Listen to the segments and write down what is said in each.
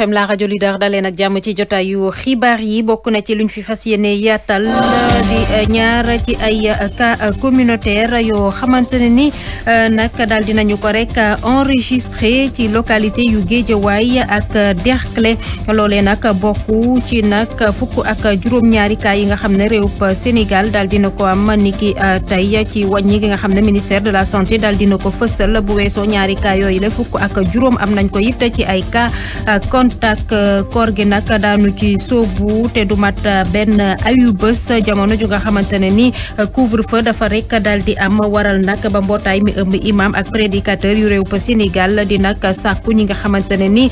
FM la rajo leader daleen ak jàmm ci jotaayu xibaar yi bokk na ci luñ fi fas yéene yaatal eh, ñaar ci ay eh, eh, communautaire yoo xamante ne ni nag daal dinañu ko rek enregistré ci localité yu Géejawaay ak Derklé loolee nag bokk ci nag fukk ak juróom-ñaari cas yi nga xam ne réewub Sénégal daal dina ko am niki tey ci wàññi gi nga xam ne ministère de la santé daal dina ko fësal bu weesoo ñaari cas yooyu fukk ak juróom am nañ ko it ci ay cas contact euh, koor gi nag daanu ci sóobu te du mat euh, benn ayu bés jamono ju nga xamante ne ni euh, couvre feu dafa rek daal di am waral nag ba mbootaay mi ëmb imam ak prédicateur yu réew ba Sénégal di nag sàkku ñi nga xamante ne ni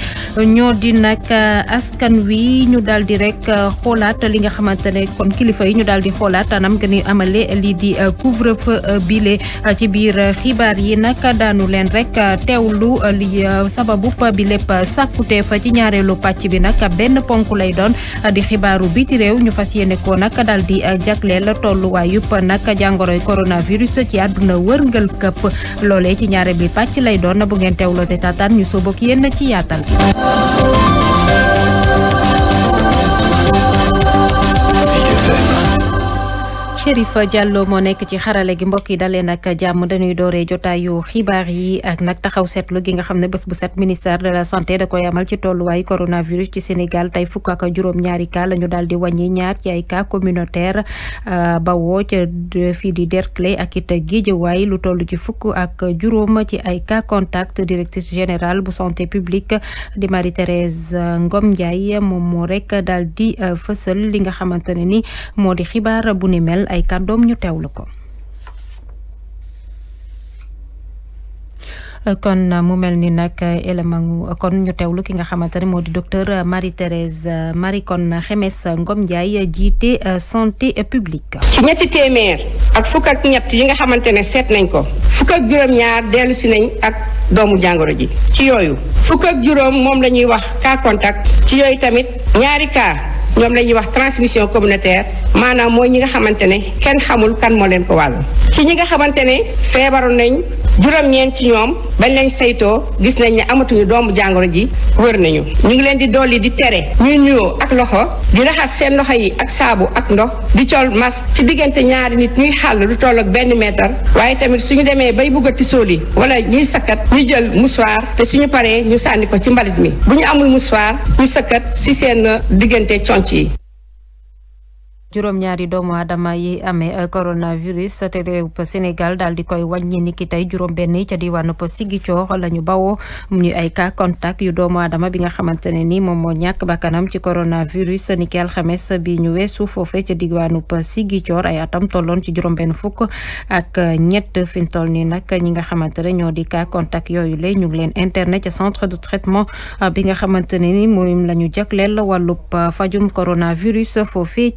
ñoo di nag askan wi ñu daal di rek xoolaat li nga xamante ne kon kilifa yi ñu daal di xoolaat anam gën amale lii di couvre feu bile ci biir xibaar yi nag daanu leen rek teewlu li sababu bi lépp sàkkute fa ci ñaareelu pàcc bi nag benn ponk lay doon di xibaaru biti réew ñu fas yéene ko nag daal di jagleel tolluwaay yupp nag jàngoroy coronavirus ci àdduna wërngal këpp loolee ci ñaare bi pàcc lay doon bu ngeen teewloo te taataan ñu sóoboog yéen ci yaatal. Chérif Diallo moo nekk ci xarale gi mbokk yi dalee nag jàmm dañuy dooree jotaayu xibaar yi ak nag taxaw seetlu gi nga xam ne bés bu set ministère de la santé da koy amal ci tolluwaayu coronavirus ci Sénégal tey fukk ak juróom-ñaari cas la ñu daal di wàññi ñaar ci ay cas communautaire euh, bawoo ca fii di Derklé ak it Guédiawaye lu toll ci fukk ak juróom ci ay cas contact directrice générale bu santé publique di Marie Thérèse euh, Ngom Ndiaye moom moo rek daal di euh, fësal li nga xamante ne ni moo di xibaar bu ni mel. ay kàddoom ñu teewlu ko. kon mu mel ni nag élément kon ñu teewlu ki nga xamante ne moo di docteur Marie-Thérèse Marie kon Xemes Ngom Ndiaye jiite euh, santé publique. ci ñetti téeméer ak fukk ak ñett yi nga xamante ne seet nañ ko fukk ak juróom-ñaar dellusi nañ ak doomu jàngoro ji ci yooyu fukk ak juróom moom la wax cas contact ci yooyu tamit ñaari cas. ñoom la ñuy wax transmission communautaire maanaam mooy ñi nga xamante ne kenn xamul kan moo leen ko wàll su ñi nga xamante ne feebaru nañ juróom-ñeent ci ñoom bañ lañ saytoo gis nañ ni amatuñu doomu jàngoro ji wër nañu ñu ngi leen di dolli di tere ñuy nuyoo ak loxo di raxas seen loxo yi ak saabu ak ndox di col masque ci diggante ñaari nit ñuy xàll lu toll ak benn mètre waaye tamit su ñu demee bay bugg a tisooli wala ñuy sakkat ñu jël musuwaar te suñu paree ñu sànni ko ci mbalit mi bu ñu amul musuwaar ñu sakkat ci seen diggante conc yi juróom-ñaari doomu aadama yi amee coronavirus te réew Sénégal daal di koy wàññi ni ki tey juróom-benn ca diwaanu Ziguinchor la ñu bawoo mu ñuy ay cas yu doomu aadama bi nga xamante ne ni moom moo ñàkk bakkanam ci coronavirus ni ki alxames bi ñu weesu foofee diwaanu Ziguinchor ay atam tolloon ci juróom-benn fukk ak ñett fi mu toll nii nag ñi nga xamante ne ñoo di cas contact yooyu lay ñu leen internet ca centre de traitement bi nga xamante ne ni moom la ñu jagleel wàllub fajum coronavirus foofee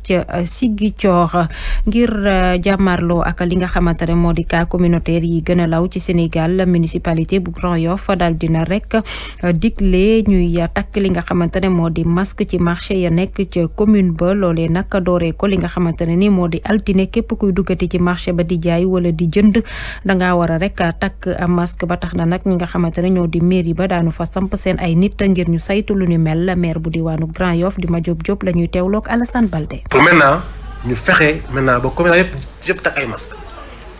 Ziguinchor ngir uh, jàmmarloo ak li nga xamante ne moo di cas communautaire yi gën a law ci Sénégal municipalité bu Grand Yoff daal dina rek uh, digle ñuy takk li nga xamante ne moo di masque ci marché ya nekk ca commune ba loolee nag dooree ko li nga xamante ne ni moo di altine képp kuy duggati ci marché ba di jaay wala di jënd dangaa war a rek takk masque ba tax na nag ñi nga xamante ne ñoo di mairie ba daanu fa samp seen ay nit ngir ñu saytu lu ni mel maire bu diwaanu Grand Yoff di ma Diop la lañuy teewloog Alassane Balde maintenant ñu fexe maintenant ba commerçant yëpp yëpp takk ay masques.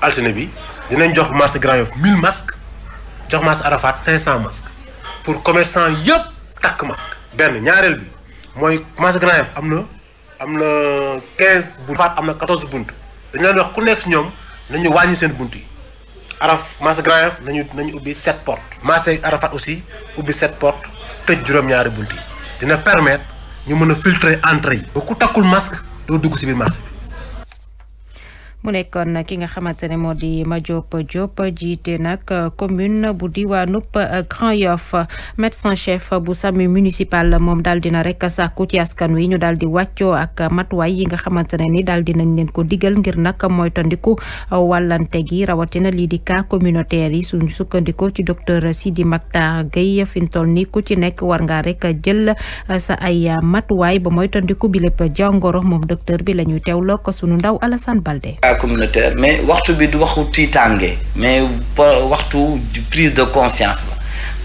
altine bi dinañ jox marché Grand Yoff 1000 masques jox marché Arafat cent masques pour commerçant yëpp takk masque. benn ñaareel bi mooy marché Grand Yoff am na am na quinze bunt. Arafat am na 14 bunt dañu leen wax ku nekk si ñoom nañu wàññi seen bunt yi. araf marché Grand Yoff nañu nañu ubbi sept port marché Arafat aussi ubbi sept portes tëj juróom-ñaari bunt yi dina permettre ñu mën a filtrer entrée yi. ba ku takkul masque doo dugg si biir marché mu nekkoon ki nga xamante ne moo di Madiop Diop jiite nag euh, commune bu diwaanub euh, Grand Yoff médecin chef bu sami municipal moom daal dina rek sàkku ci askan wi ñu daal di wàccoo ak matuwaay yi nga xamante ne ni daal dinañ leen ko digal ngir nag moytandiku euh, wàllante gi rawatina lii di cas communautaire yi suñu sukkandiku ci docteur si di Gueye fi mu toll ni ku ci nekk war ngaa rek jël sa ay matuwaay ba moytandiku bi lépp jàngoro moom docteur bi la ñuy teewloo ko sunu ndaw Alassane Balde communautaire mais waxtu bi du waxu tiitaange mais waxtu prise de conscience la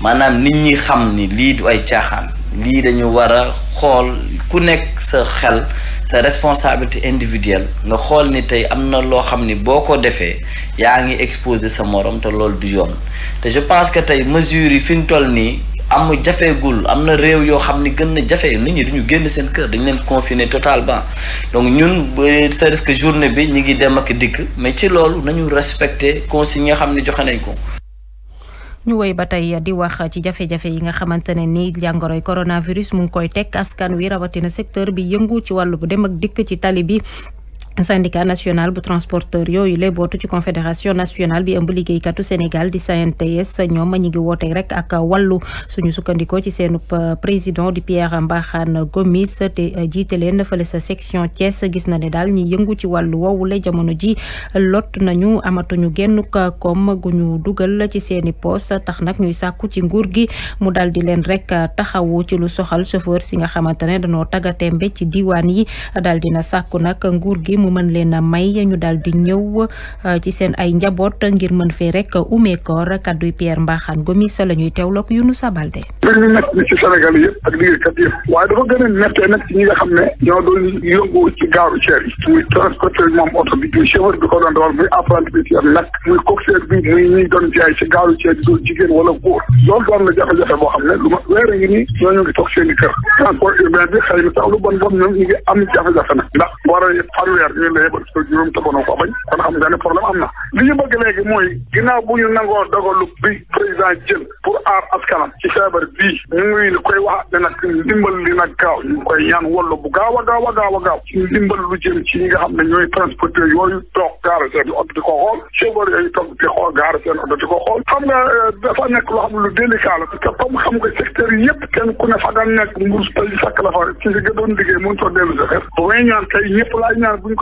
maanaam nit ñi xam ni lii du ay caaxaan lii dañu war a xool ku nekk sa xel sa responsabilité individuelle nga xool ni tey am na loo xam ni boo ko defee yaa ngi exposé sa moroom te loolu du yoon te je pense que tey mesures yi fi nii. am jafeegul am na réew yoo xam ni gën na jafe nit ñi duñu génn seen kër dañ leen confiner totalement donc ñun c'est risque que journée bi ñu ngi dem ak dikk mais ci loolu nañu respecter consignes yi nga xam ne joxe nañ ko. ñu woy ba tey di wax ci jafe-jafe yi nga xamante ne ni jàngoroy coronavirus mu ngi koy teg askan wi rawatina secteur bi yëngu ci wàllu bu dem ak dikk ci tali bi syndicat national bu transporteur yooyu lay bootu ci confédération nationale bi ëmb liggéeykatu Sénégal di CNTS ñoom ñi ngi woote rek ak wallu suñu sukkandikoo ci seenu euh, président di Pierre Mbakhane Gomis te euh, jiite leen fële sa section Thiès gis na ne daal ñi yëngu ci wàllu woowule jamono ji lot nañu amatuñu génn koom gu ñu dugal ci seeni poos tax nag ñuy sàkku ci nguur gi mu daal di leen rek taxawu ci lu soxal chauffeur si nga xamante ne dañoo taggatémbe ci diwaan yi daal dina sàkku nag nguur gi. mu mën leen a may ñu daal di ñëw euh, ci seen ay njaboot ngir mën fi rek umeekoor kadduy Pierre Mbakhane Gomis la ñuy teewloog Younousa Baldé. mbir mi nag ci Sénégal yëpp ak liggéeykat yëpp waaye dafa gën a nettee nag ñi nga xam ne ñoo doon yëngu ci gaaru ceer yi muy transporteur moom oto bi muy chauffeur bi ko doon dawal muy apprenti bi ci am nag muy coxeur bi muy ñi doon jaay ci gaaru ceer yi doon jigéen wala góor doon la jafe-jafe boo xam ne lu ma weere ngi nii ñooñu ngi toog seen i kër transport urbain bi xëy na sax lu bon bon ñoom a fanweer yooyu la yëbal sa juróom tabanoo ko bañ kon xam nga ne problème am na li ñu bëgg léegi mooy ginnaaw bu ñu nangoo dogalu bi président jël pour aar askanam ci feebar bii mu ngi koy wax ne nag ndimbal li nag gaaw ñu koy ñaan wallu bu gaaw a gaaw a gaaw a gaaw ci ndimbal lu jëm ci ñi nga xam ne ñooy transporteur yooyu toog gaara seen oto di ko xool chauffeur yooyu toog di xool gaara seen oto di ko xool xam nga euh, dafa nekk loo xam lu délicat la parce que comme xam nga yëpp kenn ku ne fa nga nekk la fa ci si nga doon liggéey mënu soo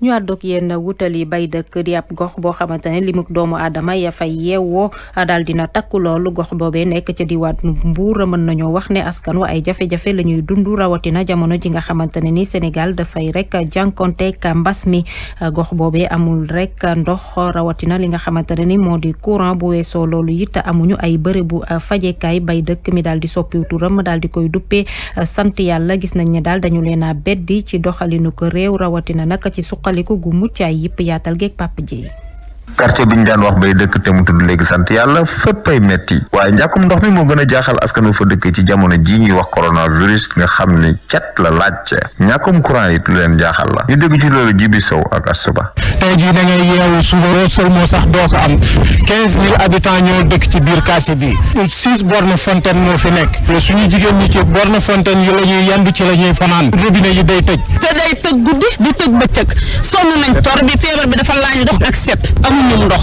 ñu àddoog yéen wutali bay dëkk di ab gox boo xamante ne limuk doomu aadama ya fay yeewoo daal dina takku loolu gox boobee nekk ca diwaat Mbuur mën nañoo wax ne askan wa ay jafe-jafe la ñuy dund rawatina jamono ji nga xamante ne ni Sénégal dafay rek jànkonteeg mbas mi gox boobe amul rek ndox rawatina li nga xamante ne ni moo di courant bu weesoo loolu it amuñu ay bërëbu fajekaay bay dëkk mi daal di soppiw turam daal di koy duppee sant yàlla gis nañ ne daal dañu leen a beddi ci doxalinu ko réew rawatina nag ci suq suqaliku gu mucc ay yëpp yaatal geeg Papa Dieye quartier bi ñu daan wax bay dëkk te mu tudd léegi sant yàlla féppay metti waaye njàkkum ndox mi moo gën a jaaxal askanu fa dëkk ci jamono jii ñuy wax coronavirus nga xam ni cat la laaj ñàkkum courant it lu leen jaaxal la ñu dégg ci ci biir quartier bi six ci borne fontaine yi la ñuy la ñuy fanaan robinet yi day tëj te day tëj guddi du tëj bëccëg sonn nañ tor bi feebar bi dafa laaj ndox ak set amuñu ndox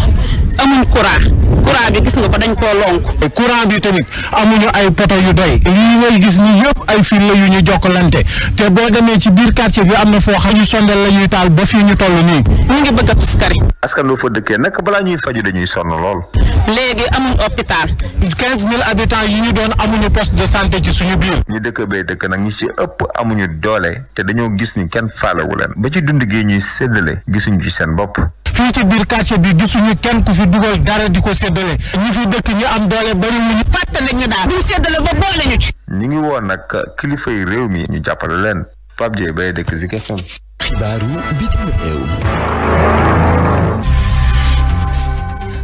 amuñ courant courant bi gis na ba dañ koo lonk. courant bi tamit amuñu ay poto yu doy. lii ngay gis ni yëpp ay fil la ñu jokkalante te boo demee ci biir quartier bi am na foo xam ñu sondeel la ñuy taal ba fii ñu toll nii. ñu ngi bëgg a tuskari. loo fa dëkkee nag balaa ñuy faju dañuy sonn lool. léegi amuñ hôpital. quinze mille habitants yi ñu doon amuñu poste de santé ci suñu biir. ñu dëkk bee dëkk nag ñi ci ëpp amuñu doole te dañoo gis ni kenn faalewu leen ba ci dund gi ñuy séddale gisuñu ci seen bopp. fii ci biir quartier bi gisuñu kenn ku fi dugal dara di ko séddale ñu fi dëkk ñu am doole bari mu ñu fàttali ñu daal ñu séddale ba boole ñu ci. ñu ngi woon nag kilifa yi réew mi ñu jàppale leen Pape Dieye Baye dëkk Zik FM. xibaaru bitim réew.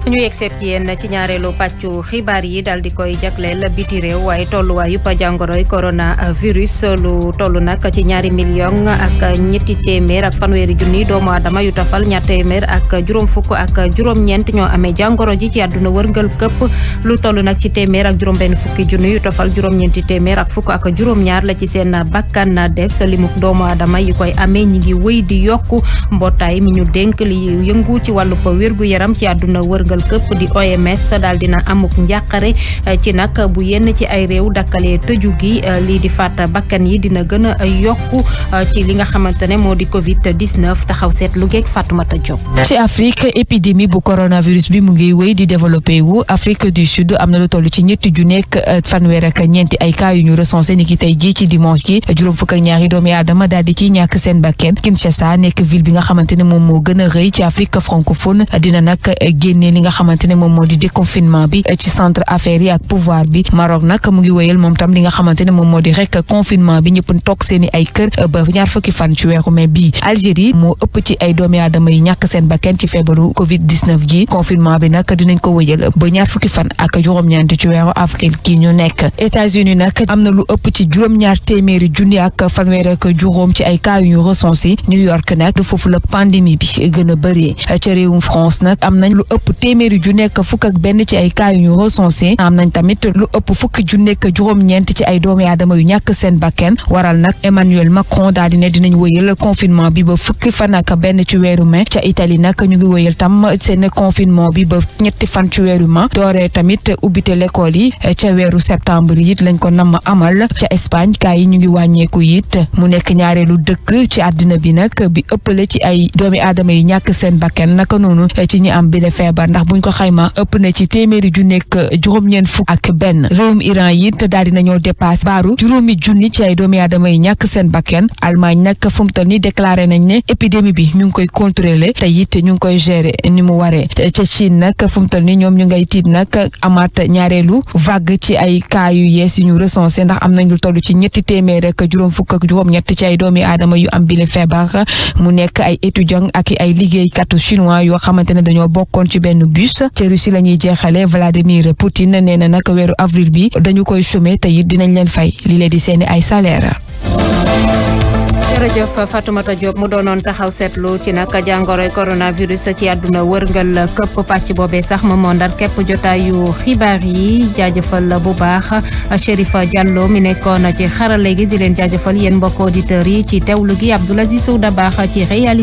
ñu yegseet ci yéen ci ñaareelu pàccu xibaar yi daal di koy jagleel biti réew waaye tolluwaayu corona coronavirus lu toll nag ci ñaari million ak ñetti téeméer ak fanweeri junni doomu aadama yu tafal téeméer ak juróom fukk ak juróom-ñeent ñoo amee jàngoro ji ci àdduna wërngal këpp lu toll nag ci téeméer ak juróom benn fukki junni yu tafal juróom-ñeenti téeméer ak fukk ak juróom-ñaar la ci seen bakkan des limuk doomu aadama yi koy amee ñi ngi wëy di yokku mbootaay mi ñu dénk li yëngu ci wàllu wér yaram ci àdduna wërngal wërngal këpp di OMS daal dina amuk eh, ci bu yenn ci ay réew dakkalee tëju gi eh, lii di faat bakkan yi dina gën a yokku eh, ci li nga xamante ne moo di Covid 19 taxaw seetlu geeg Fatoumata Diop. ci Afrique épidémie bu coronavirus bi mu ngi wéy di développé wu Afrique du Sud am na lu toll ci ñetti ju nekk fanweer ak ñeenti ay cas yu ñu recensé ni ki tey jii ci dimanche ji juróom fukk ak ñaari doomi aadama daal di ciy ñàkk seen bakkan Kinshasa nekk ville bi nga xamante ne moom moo gën a rëy ci Afrique francophone dina nag génne li nga xamante ne moom moo di déconfinement bi eh, ci centre affaires yi ak pouvoir bi Maroc nag mu ngi wéyal moom tam li nga xamante moom moo di rek confinement bi ñëpp toog seen i ay kër eh, ba ñaar fukki fan ci weeru mai bii Algérie moo ëpp ci ay doomi aadama yi ñàkk seen bakkan ci feebaru Covid 19 gi confinement bi nag dinañ ko wéyal ba ñaar fukki fan ak juróom-ñeent ci weeru ci juróom-ñaar téeméeri junni ak fanweer ak juróom ci ay cas yu ñu New York nag la pandémie a téeméeri ju nekk fukk ak benn ci ay cas yu ñu recensé am nañ tamit lu ëpp fukki ju nekk juróom-ñeent ci ay doomi aadama yu ñàkk seen bakken waral nag Emmanuel Macron daal di ne dinañ wëyal confinement bi ba fukki fan benn ci weeru mai ca Italie nag ñu ngi wëyal tam seen confinement bi ba ñetti fan ci weeru mai tamit ubbite l'école yi ca weeru septembre it lañ ko namm amal ca Espagne yi ñu ngi wàññeeku it mu nekk ñaareelu dëkk ci àddina bi nag bi ëppale ci ay doomi aadama yu ñàkk seen bakken naka noonu ci ñi am bile feebar ndax buñ ko xayma ëpp na ci téeméeri ju nekk juróom-ñeent fukk ak benn réewum Iran it daal di nañoo dépassé baaru juróomi junni ci ay doomi aadama yi ñàkk seen bakken Allemagne nag fu ni déclaré nañ ne épidémie bi ñu ngi koy contrôler te it ñu ngi koy gérer ni mu waree ca nag fu mu ni ñoom ñu ngay tiit nag amaat ñaareelu vague ci ay cas yu yees yu ñu ndax am nañ lu toll ci ñetti téeméer ak juróom fukk ak juróom ci ay doomi aadama yu am bile feebar mu nekk ay étudiant ak ay liggéey liggéeykatu chinois yoo xamante ne dañoo bokkoon ci benn bus ca Russie la ñuy jeexale Vladimir Poutine nee na nag weeru avril bi dañu koy chômer te it dinañ leen fay li leen di seeni ay salaire jërëjëf Fatoumata Diop mu doonoon taxaw seetlu ci nag jàngoroy coronavirus ci àdduna wërngal këpp pàcc boobe sax ma moo ndar képp jotaayu xibaar yi jaajëfal bu baax Chérif Diallo mi nekkoon ci xarale gi di leen jaajëfal yéen mbokk auditeurs yi ci teewlu gi Abdoul Aziz Souda Baax ci réalisation